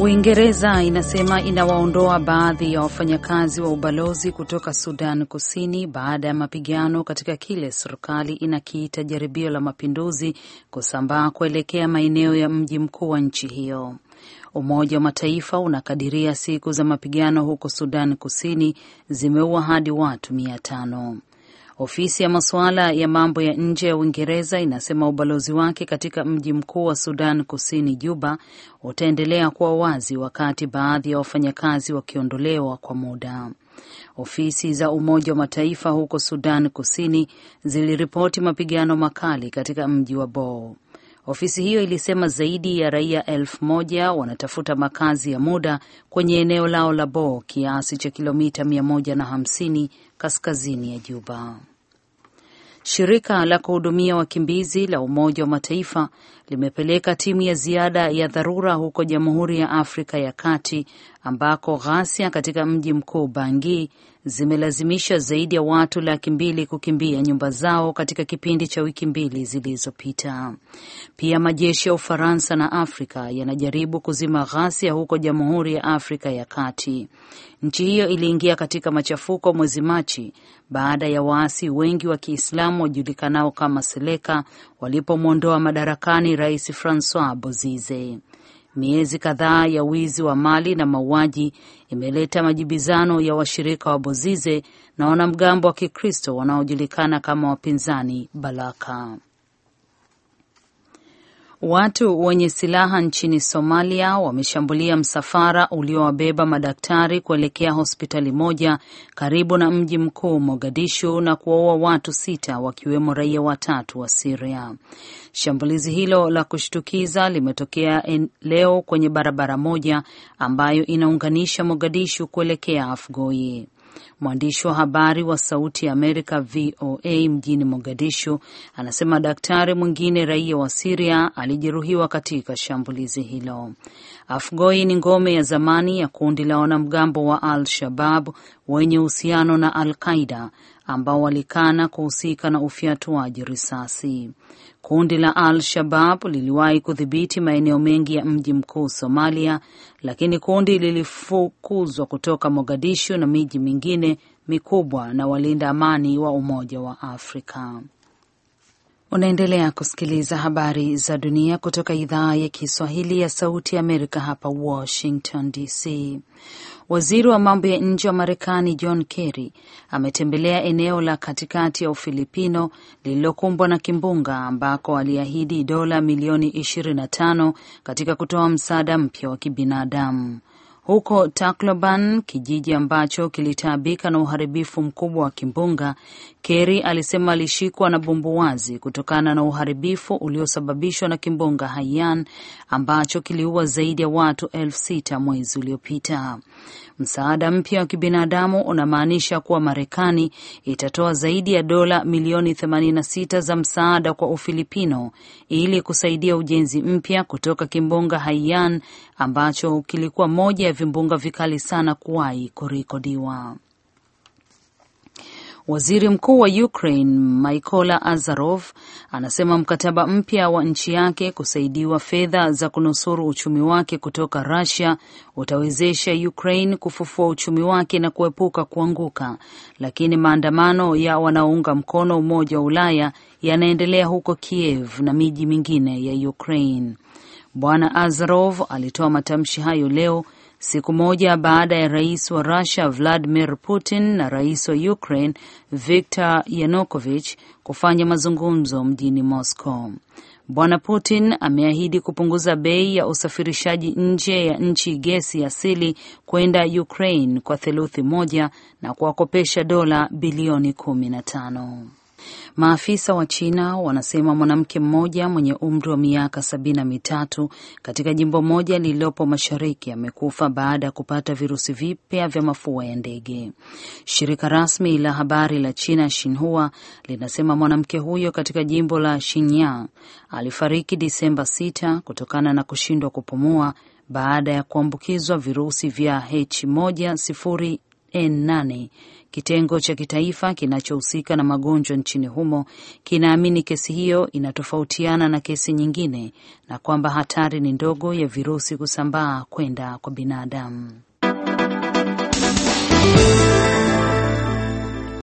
Uingereza inasema inawaondoa baadhi ya wafanyakazi wa ubalozi kutoka Sudan Kusini baada ya mapigano katika kile serikali inakiita jaribio la mapinduzi kusambaa kuelekea maeneo ya mji mkuu wa nchi hiyo. Umoja wa Mataifa unakadiria siku za mapigano huko Sudan Kusini zimeua hadi watu mia tano. Ofisi ya masuala ya mambo ya nje ya Uingereza inasema ubalozi wake katika mji mkuu wa Sudan Kusini, Juba, utaendelea kuwa wazi wakati baadhi ya wafanyakazi wakiondolewa kwa muda. Ofisi za Umoja wa Mataifa huko Sudan Kusini ziliripoti mapigano makali katika mji wa Bor. Ofisi hiyo ilisema zaidi ya raia elfu moja wanatafuta makazi ya muda kwenye eneo lao la bo kiasi cha kilomita 150 kaskazini ya Juba. Shirika la kuhudumia wakimbizi la Umoja wa Mataifa limepeleka timu ya ziada ya dharura huko Jamhuri ya Afrika ya Kati ambako ghasia katika mji mkuu Bangi zimelazimisha zaidi ya watu laki mbili kukimbia nyumba zao katika kipindi cha wiki mbili zilizopita. Pia majeshi ya Ufaransa na Afrika yanajaribu kuzima ghasia huko Jamhuri ya Afrika ya Kati. Nchi hiyo iliingia katika machafuko mwezi Machi baada ya waasi wengi wa Kiislamu wajulikanao kama Seleka walipomwondoa madarakani Rais Francois Bozize miezi kadhaa ya wizi wa mali na mauaji imeleta majibizano ya washirika wa Bozize na wanamgambo wa Kikristo wanaojulikana kama wapinzani Balaka. Watu wenye silaha nchini Somalia wameshambulia msafara uliowabeba madaktari kuelekea hospitali moja karibu na mji mkuu Mogadishu na kuwaua watu sita wakiwemo raia watatu wa Siria. Shambulizi hilo la kushtukiza limetokea leo kwenye barabara moja ambayo inaunganisha Mogadishu kuelekea Afgoi. Mwandishi wa habari wa Sauti ya Amerika VOA mjini Mogadishu anasema daktari mwingine raia wa Siria alijeruhiwa katika shambulizi hilo. Afgoi ni ngome ya zamani ya kundi la wanamgambo wa Al Shabab wenye uhusiano na Al-Qaida ambao walikana kuhusika na ufyatuaji risasi. Kundi la Al-Shabab liliwahi kudhibiti maeneo mengi ya mji mkuu Somalia, lakini kundi lilifukuzwa kutoka Mogadishu na miji mingine mikubwa na walinda amani wa Umoja wa Afrika. Unaendelea kusikiliza habari za dunia kutoka idhaa ya Kiswahili ya Sauti ya Amerika hapa Washington DC. Waziri wa mambo ya nje wa Marekani John Kerry ametembelea eneo la katikati ya Ufilipino lililokumbwa na kimbunga ambako aliahidi dola milioni 25 katika kutoa msaada mpya wa kibinadamu huko Tacloban, kijiji ambacho kilitaabika na uharibifu mkubwa wa kimbunga. Kerry alisema alishikwa na bumbuwazi kutokana na uharibifu uliosababishwa na kimbunga Haiyan ambacho kiliua zaidi ya watu elfu sita mwezi uliopita. Msaada mpya wa kibinadamu unamaanisha kuwa Marekani itatoa zaidi ya dola milioni 86 za msaada kwa Ufilipino ili kusaidia ujenzi mpya kutoka kimbunga Haiyan ambacho kilikuwa moja ya vimbunga vikali sana kuwahi kurekodiwa. Waziri mkuu wa Ukraine Mykola Azarov anasema mkataba mpya wa nchi yake kusaidiwa fedha za kunusuru uchumi wake kutoka Russia utawezesha Ukraine kufufua uchumi wake na kuepuka kuanguka, lakini maandamano ya wanaounga mkono Umoja wa Ulaya yanaendelea huko Kiev na miji mingine ya Ukraine. Bwana Azarov alitoa matamshi hayo leo siku moja baada ya rais wa Russia Vladimir Putin na rais wa Ukraine Viktor Yanukovych kufanya mazungumzo mjini Moscow. Bwana Putin ameahidi kupunguza bei ya usafirishaji nje ya nchi gesi asili kwenda Ukraine kwa theluthi moja na kuwakopesha dola bilioni kumi na tano. Maafisa wa China wanasema mwanamke mmoja mwenye umri wa miaka sabini na mitatu katika jimbo moja lililopo mashariki amekufa baada ya kupata virusi vipya vya mafua ya ndege. Shirika rasmi la habari la China Shinhua linasema mwanamke huyo katika jimbo la Shinyang alifariki Disemba 6 kutokana na kushindwa kupumua baada ya kuambukizwa virusi vya H1 N8. Kitengo cha kitaifa kinachohusika na magonjwa nchini humo kinaamini kesi hiyo inatofautiana na kesi nyingine na kwamba hatari ni ndogo ya virusi kusambaa kwenda kwa binadamu.